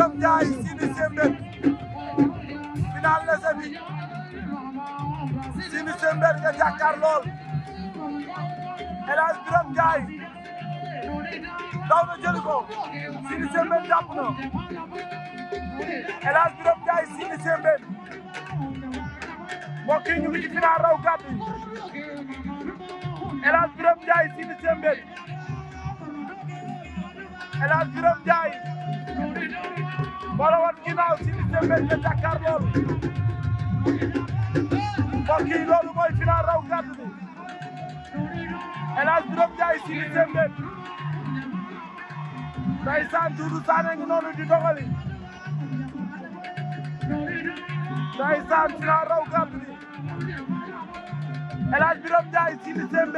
Ngam Njaay Sidi Sembène final lese bi Sidi Sembène nga jàkkaar lool El Hadj Biram Njaay daw na jëli ko Sidi Sembène jàpp na El Hadj Biram Njaay Sidi Sembène mbokk yi ñu ngi ci final raw gàddu El Hadj Biram Njaay Sidi Sembène El Hadj Birame Ndiaye bala woon ginnaaw Sidy Dieng la jàkkaarlool mbokk yi loolu mooy final raw gàddu bi El Hadj Birame Ndiaye Sidy Dieng ndeysaan Doudou Sané ngi noonu di doxali ndeysaan final raw gàddu bi El Hadj Birame Ndiaye Sidy Dieng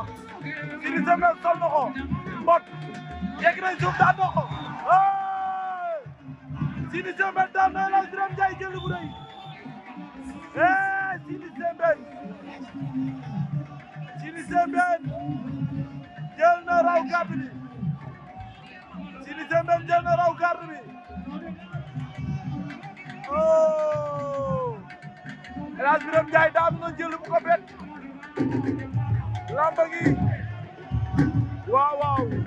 ko Gris Bordeaux sol na ko mbot yegg na suuf daan na ko Sidi Sembène daan na la Birame Ndiaye jël bu rëy Sidi Sembène Sidi Sembène jël na raw gàdd bi Sidi Sembène jël na raw gàdd bi oh El Hadj Birame Ndiaye daa am na jël bu ko bett lamba gi waaw waaw